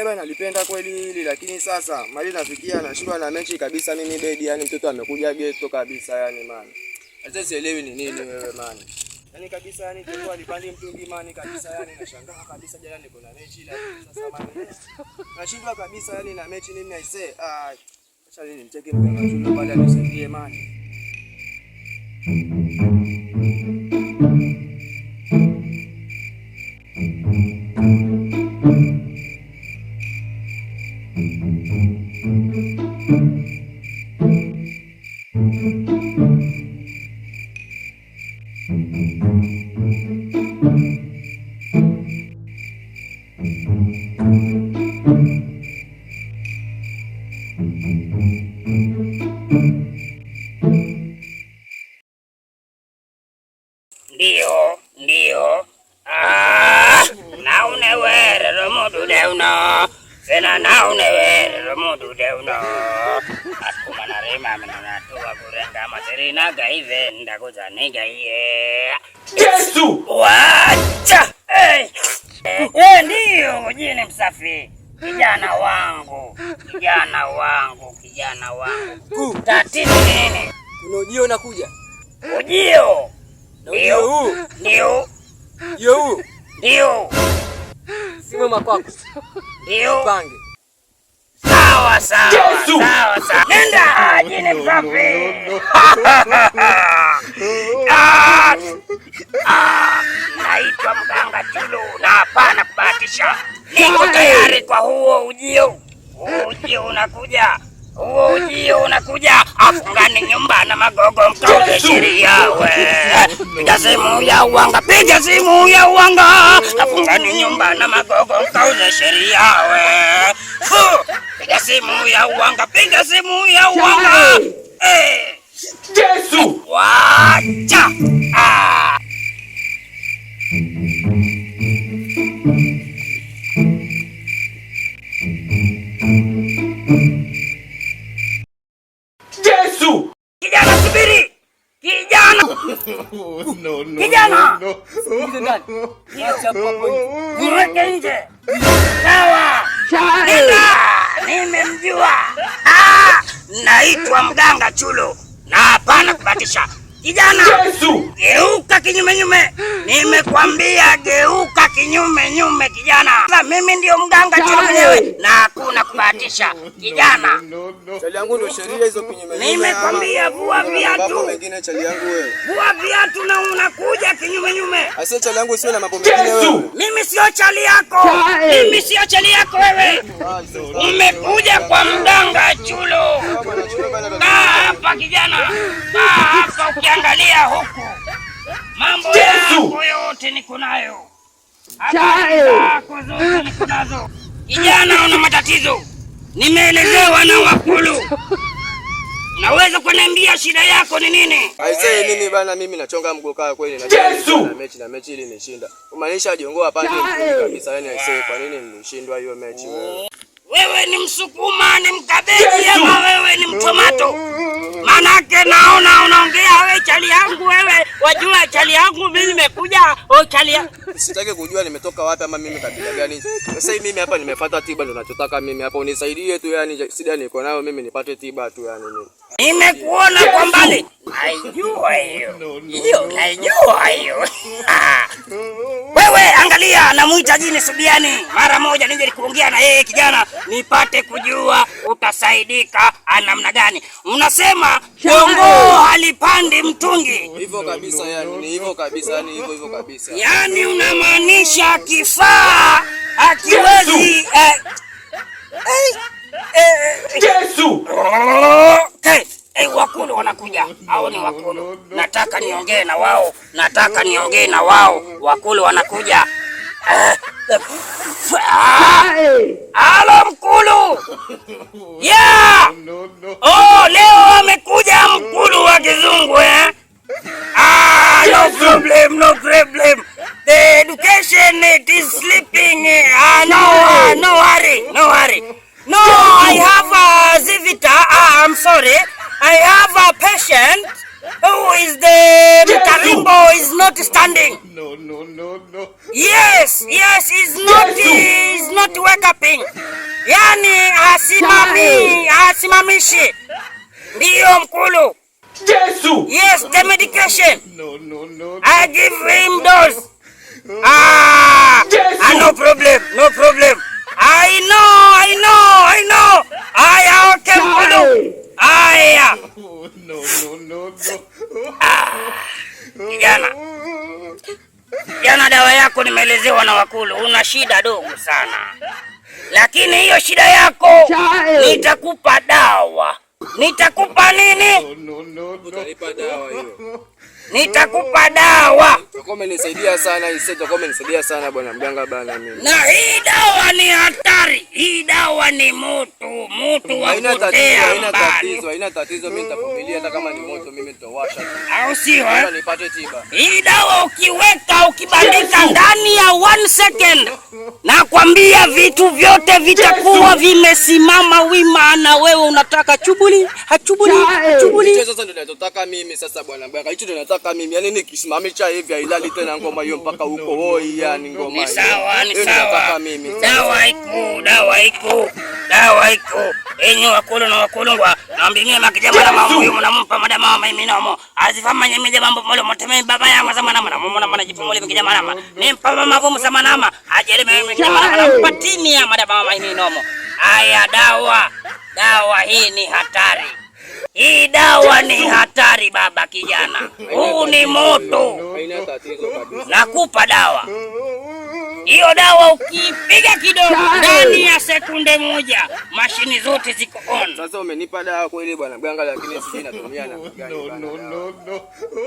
Eba nalipenda kweli hili lakini sasa mali nafikia nashindwa na mechi kabisa mimi bedi, yani mtoto amekuja geto kabisa yani man. Sasa sielewi ni nini wewe man. Yani kabisa yani tulikuwa alipandi mtungi man kabisa yani nashangaa kabisa jana niko na mechi lakini sasa man. Eh. Nashindwa kabisa yani na mechi mimi I say ah acha nini mcheke mkanga shule pale anisaidie man. enanaunewelelo mundu udeuno asikumanarimaminanatuwa kurenga materina gaive ndakuza nigaiye Yesu wacha hey. hey, ndiyo mjini msafi kijana wangu kijana wangu kijana wangu tatizo nini? Kuna ujio unakuja, ujio ndio ndio ndio nyuma kwako. Pange. Sawa sawa. Yesu. Nenda jini msafi. Ah, ah. Naitwa mganga Chulu na hapana kubahatisha. Niko tayari kwa huo ujio. Ujio unakuja. Uo oh, ujio unakuja afungani nyumba na magogo mkaule sheria we. Piga simu ya uwanga, piga simu ya uwanga, afungani nyumba na magogo mkaule sheria we. Piga simu ya uwanga, piga simu ya uwanga. Hey. Eh! Yesu. Wacha. Ah. gani? Acha hapo. Mureke nje. Sawa. Nimemjua. Ah, naitwa mganga Chulo na hapana kubatisha. Kijana, Yesu, geuka kinyume nyume. Nimekwambia geuka kinyume nyume kijana. Sasa mimi ndio mganga tu mwenyewe na hakuna kubahatisha kijana. Chali yangu ndio sheria hizo kinyume nyume. Nimekwambia vua viatu. Chali yangu wewe. Vua viatu na unakuja kinyume nyume. Asiye chali yangu sio na mambo mengine wewe. Mimi sio chali yako. Mimi sio chali yako wewe. Umekuja kwa mganga Chulo hapa kijana, ah, hapa ukiangalia huku mambo yako yote niko nayo, habari zako zote niko nazo. Kijana, una matatizo nimeelezewa na wakulu. Naweza kuniambia shida yako ni nini? Aisee, mimi bana, mimi nachonga kaa kweli na Na mechi na mechi ili nishinda. Umaanisha jongoa pale kabisa, yani aisee, kwa nini nilishindwa hiyo mechi wewe? Wewe ni Msukuma, ni Mkabeji ama wewe ni Mtomato? Mm. Manake naona unaongea wewe chali yangu wewe, wajua chali yangu mimi nimekuja oh chali yangu. Sitaki kujua nimetoka wapi ama mimi kabila gani. Sasa hii mimi hapa nimefuata tiba ndio ninachotaka mimi hapa unisaidie tu yani sida niko nayo mimi nipate tiba tu yani mimi. Nimekuona kwa mbali. Haijua hiyo. Hiyo haijua hiyo. Ah angalia namuita jini Subiani mara moja nije nikuongea na yeye kijana, nipate kujua utasaidika namna gani. unasema jongoo halipandi mtungi. Hivyo kabisa yani, ni hivyo kabisa yani, hivyo hivyo kabisa. yani, unamaanisha kifaa hakiwezi eh, eh, eh, Eh, wako wanakuja au ni Wakulu? Nataka niongee na wao, nataka niongee na wao. Wakulu wanakuja. Ah! Halo Mkulu yeah! Oh, leo wamekuja Mkulu wa kizungu eh? Ah, no problem, no problem. The education it is sleeping. Ah, no, ah, no worry, no worry. No, I have a zivita. Ah, I'm sorry our patient who is the Mtarimbo is not standing. No, no, no, no. Yes, yes, is not is not wake uping. Yani hasimami, hasimamishi. Ndio mkulu. Yesu. Yes, the medication. No, no, no. I give him dose. Ah. shida dogo sana, lakini hiyo shida yako nitakupa dawa. Nitakupa nini? Utanipa dawa hiyo. Nitakupa dawa. Umenisaidia sana umenisaidia sana bwana mganga bana mimi. Na hii dawa ni hatari. Hii dawa ni moto, moto wa kutea. Haina tatizo, haina tatizo, mimi nitavumilia hata kama ni moto mimi nitawasha. Au sio? Eh? Nipate tiba. Hii dawa ukiweka ukibandika ndani ya one second, nakwambia vitu vyote vitakuwa vimesimama wima na wewe unataka chubuli, hachubuli, chubuli. Sasa ndio nataka mimi sasa bwana mganga. Hicho ndio nataka nataka mimi yani nikisimamisha hivi ailali tena ngoma hiyo mpaka huko Oh, yani ngoma ni sawa, ni yaani sawa. Mimi dawa iko, dawa iko, dawa iko. Enyo wakolo na wakolongwa naambia makijama na mamu mnampa madama mama mimi nomo azifama nyemi jama mambo molo moteme baba yangu mazama na mama mbona mbona jipo mole kijama na mama Nimpa mama mama sama na mama Ajele mimi kijama na mama patini ya madama mama mimi nomo. Aya, dawa dawa hii ni hatari. Hii dawa ni hatari baba kijana, huu ni moto. Nakupa dawa hiyo, dawa ukipiga kidogo, ndani ya sekunde moja mashini zote ziko on. Sasa umenipa dawa kweli bwana mganga, lakini sisi natumia na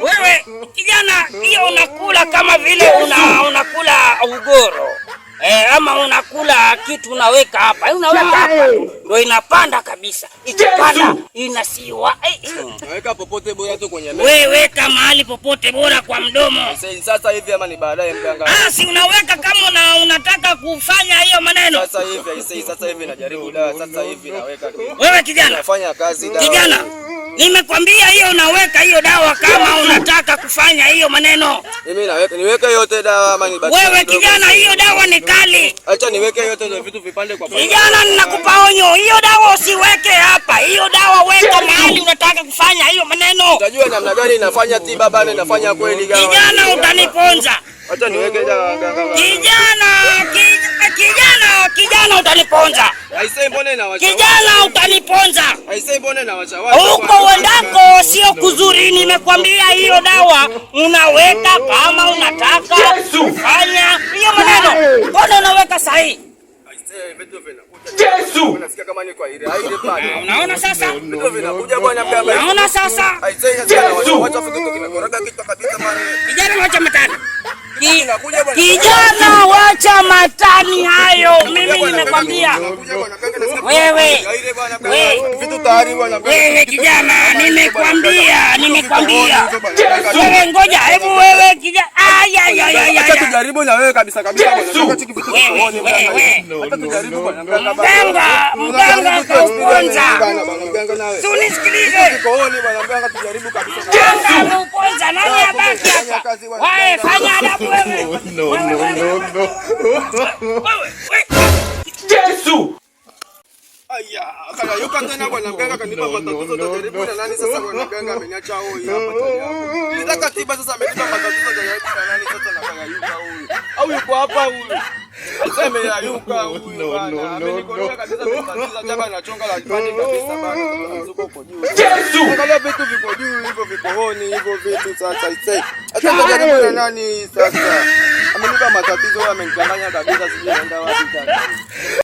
wewe kijana, hiyo unakula kama vile una, unakula ugoro Eh, ama unakula kitu unaweka hapa, eh, unaweka hapa eh. ndio inapanda kabisa, ikipanda inasiwa. Unaweka eh, popote bora tu kwenye meza. Wewe weka mahali popote bora kwa mdomo. Sasa hivi ama ni baadaye mganga? Ah, si unaweka kama una, unataka kufanya hiyo maneno. Sasa hivi, sasa hivi najaribu dawa, sasa hivi naweka. Wewe kijana, fanya kazi dawa. Kijana Nimekwambia hiyo unaweka hiyo dawa kama unataka kufanya hiyo maneno. Mimi naweka niweke yote dawa ama nibaki. Wewe kijana hiyo dawa ni kali. Acha niweke yote hizo vitu vipande kwa pande. Kijana ninakupa onyo, hiyo dawa usiweke hapa. Hiyo dawa weka mahali unataka kufanya hiyo maneno. Unajua namna gani inafanya tiba bana inafanya kweli gawa. Kijana utaniponza. Acha niweke dawa Kijana kijana kijana, kijana utaniponza, kijana utaniponza. Huko uendako sio kuzuri, nimekwambia hiyo dawa unaweka kama unataka kufanya hiyo maneno, mbona unaweka sahihi? Yesu. Unaona sasa? Unaona sasa? Yesu. Kijana, wacha matani hayo. Mimi nimekwambia wewe, wewe kijana, nimekwambia, nimekwambia wewe, ngoja hebu wewe kijana, aya acha tujaribu na wewe kabisa kabisa, wewe wewe, acha mganga mganga, mganga kuonza mganga nawe. Si unisikilize. Sikooni bwana tujaribu kabisa. Mganga uponza nani abaki hapa? Wewe fanya adabu wewe. No no no no. Wewe. Aya, kaya yuka tena bwana mganga kanipa matatizo tajaribu na nani sasa bwana mganga ameniacha hoi hapa tajaribu. Nilitaka katiba sasa amenipa matatizo tajaribu na nani sasa na kaya yuka huyu. Au yuko hapa huyu. Sema ya yuka huyu bwana. Amenikolea kabisa matatizo chapa na chonga la kipande kabisa bwana. Mzuko uko juu. Yesu. Angalia vitu viko juu hivyo viko honi hivyo vitu sasa isai. Hata tajaribu na nani sasa. Amenipa matatizo amenichanganya kabisa sijui naenda wapi tena.